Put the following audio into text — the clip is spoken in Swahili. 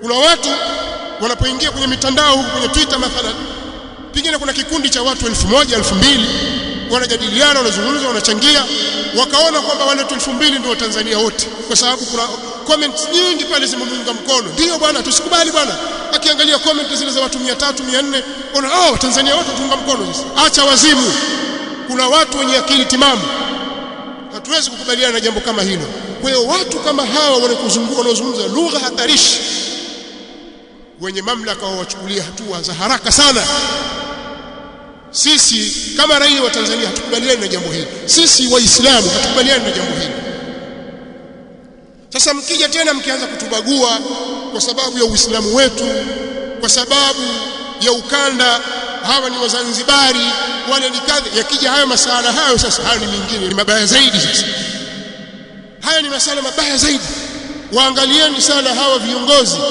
Kuna watu wanapoingia kwenye mitandao huko kwenye Twitter mathalan, pengine kuna kikundi cha watu elfu moja elfu mbili wanajadiliana, wanazungumza, wanachangia, wakaona kwamba wale watu elfu mbili ndio Watanzania wote, kwa sababu kuna comments nyingi pale zimemuunga mkono. ndio bwana, tusikubali bwana. Akiangalia comment zile za watu mia tatu mia nne ona oh, Watanzania wote watuunga mkono. Sasa acha wazimu, kuna watu wenye akili timamu. Hatuwezi kukubaliana na jambo kama hilo. Kwa hiyo watu kama hawa wanaozungumza lugha hatarishi wenye mamlaka wawachukulia hatua za haraka sana. Sisi kama raia wa Tanzania hatukubaliani na jambo hili, sisi Waislamu hatukubaliani na jambo hili. Sasa mkija tena mkianza kutubagua kwa sababu ya Uislamu wetu, kwa sababu ya ukanda, hawa ni Wazanzibari, wale ni kadhi. Yakija hayo masala hayo, sasa hayo ni mengine, ni mabaya zaidi. Sasa haya ni masala mabaya zaidi. Waangalieni sana hawa viongozi